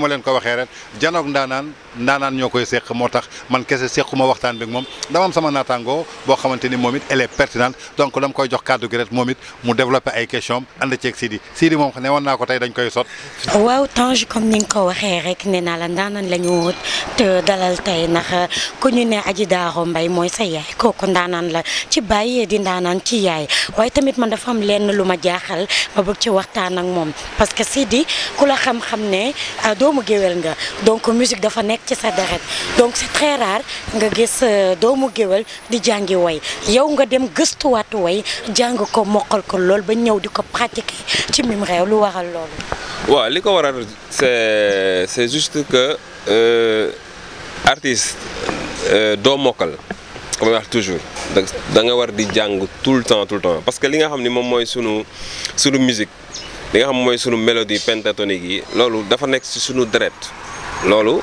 ma leen ko waxee ren janoog ndaanaan ndaanaan ñoo koy seq moo tax man kese sequma waxtaan bi moom dama am sama naataangoo boo xamante ni moom it elle est pertinente donc dama koy jox kàddu gi rek moom it mu développé ay questions am ànd ceeg Sidi Sidi ko tey dañ koy sot. waaw Tange ko waxee rek nee naa la ndaanaan la ñu te dalal tey ndax ku ñu ne Adji Darou Mbaye mooy sa yaay kooku ndaanaan la ci bàyyee di ndaanaan ci yaay waaye tamit man dafa am lenn lu ma jaaxal ma bëgg ci waxtaan ak moom parce que Sidi ku la xam-xam ne ah, doomu géwél nga donc musique dafa nekk. ci sa deret donc c'est très rare nga gis euh, doomu géwél di jangi way yow nga dem wat way jang ko mokal ko lol ba ñew diko pratiquer ci mim rew lu waral lol. Wa li ko waral c'est c'est juste que euh artiste euh do mokal comme wax toujours da nga war di jang tout le temps tout le temps parce que li nga xamni mom moy mooy sunu sunu musique li nga xam moy sunu mélodie pentatonique yi lolou dafa nek ci sunu deret lolou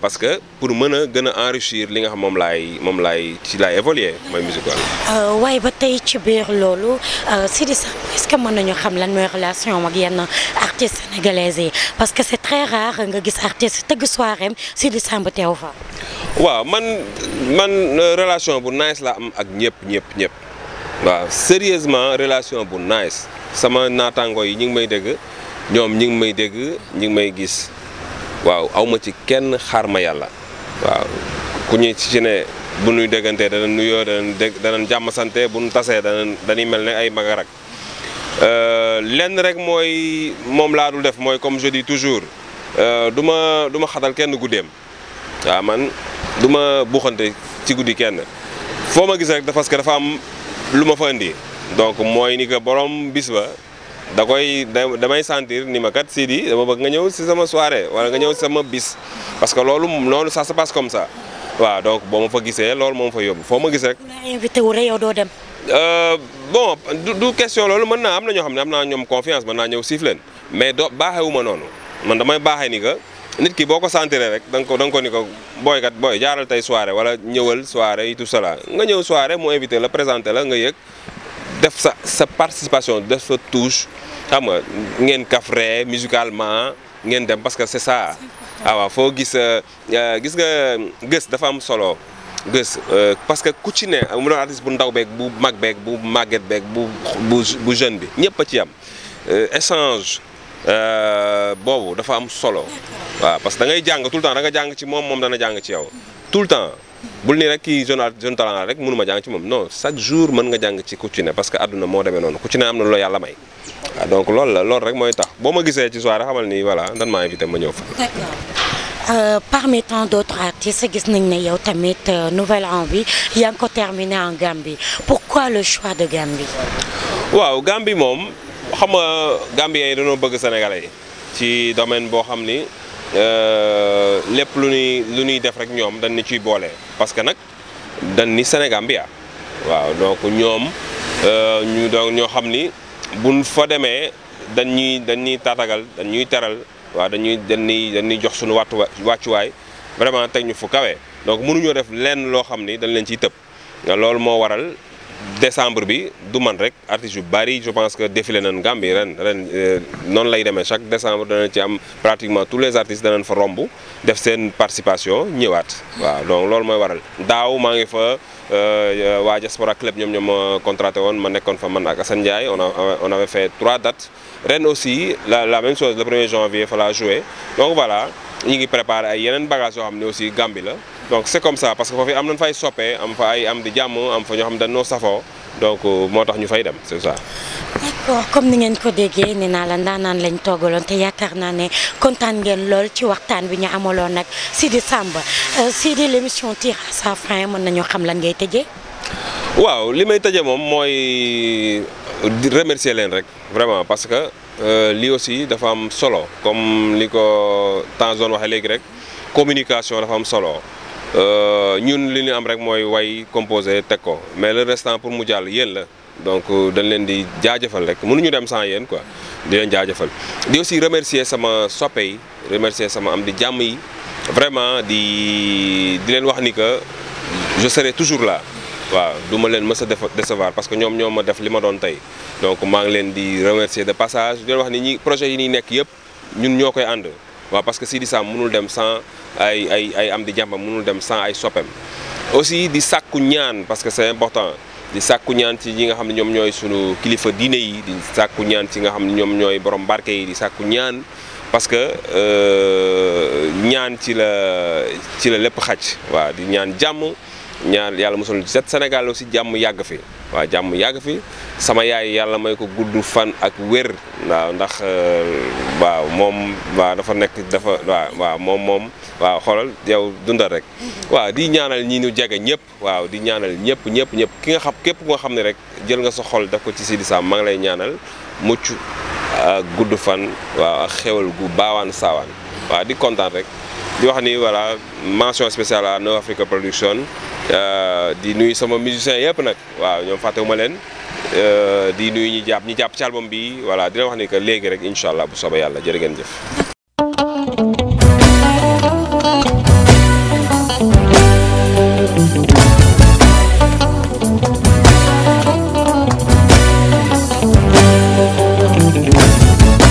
parce que pour moi, enrichir li nga xam évolué, évoluer mooy euh, euh, est-ce que je xam relation avec artistes sénégalaises parce que c'est très rare que gis artistes. soient soirée, fa man man euh, relation bu nice la am sérieusement relation bu nice sama naataangoo yi ñu Je may waaw awma ci kenn xaar ma yàlla waaw ku ñu ci ne bu nuy déggantee danañ nuyoo danañ dégg danañ jàmm sante bu ñu tasee danañ dañuy mel ne ay magarak euh, lenn rek mooy moom laa dul def mooy comme je dis toujours euh, du ma du ma xatal kenn guddeem waaw man duma ma buuxante ci guddi kenn foo ma gis rek parce que dafa am lu ma fa indi donc mooy ni que borom bis ba da koy damay sentir ni ma kat Sidi dama bëgg nga ñëw ci sama soirée wala nga ñëw sama bis parce que loolu loolu ça se passe comme ça wa donc bo mo fa gisee loolu mo fa yobbu fo ma gis rek. invité wu rek do dem euh bon du du question loolu mën na am na ñoo xam am na ñom confiance mën na ñëw siif mais do doo wu ma nonu man damay baaxee ni ga nit ki boko ko rek dang ko dang ko ni ko boy kat boy jaaral tay soirée wala ñëwal soirée et tout cela nga ñëw soirée mo invité la présenter la nga yëg def sa sa participation def sa touche. xam nga ngeen kafre musicalement ngeen dem parce que c'est ça ah waaw foo gis euh, gis nga gës dafa am solo gës euh, parce que ku ci ne mu doon artiste bu ndaw beeg bu mag beeg bu màgget beeg bu bu jeune bi ñëpp a ci am échange euh, boobu dafa am solo waaw parce que da ngay jàng tout le temps da jàng ci moom moom dana jàng ci yow tout le temps bul nii rek ki jeune jeune talent la rek mënu ma jàng ci moom non chaque jour mën nga jàng ci ku ci parce que àdduna moo demee noonu ku ci ne am na loo yàlla may waaw ah, donc loolu la loolu rek mooy tax boo ma gisee ci soirée xamal ni voilà dan maa invité ma ñëw fa. Euh, parmi tant d'autres artistes gis nañ ne yow tamit euh, Nouvel An bi yaa ngi ko terminé en Gambie pourquoi le choix de Gambie. waaw Gambie moom xam nga Gambien yi dañoo bëgg Sénégalais yi ci domaine boo xam ni. Euh, lépp lu ñuy lu ñuy def rek ñoom dañ ni ciy boole parce que nag dañ ni Sénégambia waaw donc ñoom euh, ñu doon ñoo xam ni buñ fa demee dañ ñuy dañ ñuy taatagal dañ ñuy teral waaw dañuy dañuy dañuy jox suñu wàttu wàccuwaay vraiment teg ñu fu kawee donc mënuñoo def lenn loo xam ni dañ leen ciy tëb loolu moo waral. décembre bi du man rek artistes yu bari je pense que défilé nañ Gambie ren ren euh, noonu lay démé chaque décembre dañ ci am pratiquement tous les artistes danañ fa rombu def sen participation ñëwaat wa donc lool moy waral daw ma ngi fa euh wa Diaspora Club ñom ñom contraté won ma nekkoon fa man ak Assane Ndiaye on on avait fait trois dates ren aussi la la même chose le 1er janvier fa la jouer donc voilà ñi ngi préparé ay yenen bagage yo xam aussi Gambie la donc c'est comme ça parce que fofu am nañ fay soppé am fa ay am di jàmm am fa ñu xam dañ no safo donc euh, motax ñu fay dem c'est ça. D'accord. comme ni ngeen ko déggee né na la ndaanaan lañ toogaloon té yaakaar na né contane ngeen lool ci waxtaan bi ñu amaloon nak sidi Samba euh, Sidy l' tire à sa fin mën nañu xam lan ngay tejé waaw li may mom moy mooy euh, remercier leen rek vraiment parce que li aussi dafa am solo comme liko ko temps zone rek communication dafa am solo. Euh, ñun li ñu am rek mooy way composé teg ko mais le restant pour mu jàll yéen la donc euh, dañ leen di jaajëfal rek ñu dem sans yéen ko di leen jaajëfal di aussi remercier sama soppe yi remercier sama am di jàmm yi vraiment di di leen wax ni que je serai toujours là waaw du ma leen mës a décevoir parce que ñoom ñoo ma def li ma doon tey donc maa ngi leen di remercier de passage di leen wax ni ñi projet yi ñuy nekk yëpp ñun ñoo koy ànd wa parce que Sidi sa mënul dem sans ay ay ay am di jamba mënul dem sans ay sopem aussi di sakku ñaan parce que c'est important di sakku ñaan ci yi nga xamni ñom ñoy suñu kilifa diiné yi di sakku ñaan ci nga xamni ñom ñoy borom barke yi di sakku ñaan parce que euh, ñaan ci la ci la lepp xatch wa di ñaan jamm ñaan yalla musul set Sénégal aussi jamm yàgg fi wa jamm yàgg fi sama yaay yalla may ko gudd fan ak wér waaw ndax euh, waaw moom waaw dafa nekk dafa waaw waaw moom moom waaw xoolal yow dundal rek waaw di ñaanal ñi ñu jege ñëpp waaw di ñaanal ñëpp ñëpp ñëpp ki nga xam képp nga xam ne rek jël nga sa xol daf ko ci Sidi Samb maa ngi lay ñaanal mucc gudd fan waaw ak xewal gu baawaan saawaan waaw di kontaan rek di wax ni voilà mention spéciale à No Africa Production euh, di nuyu sama musicien yëpp nag waaw ñoom fàttewuma leen Euh, di nuyu ñi jàpp ñi jàpp ci album bi voilà di wax ni que léegi rek incha allah bu soobee yàlla jërë ngeen jëf.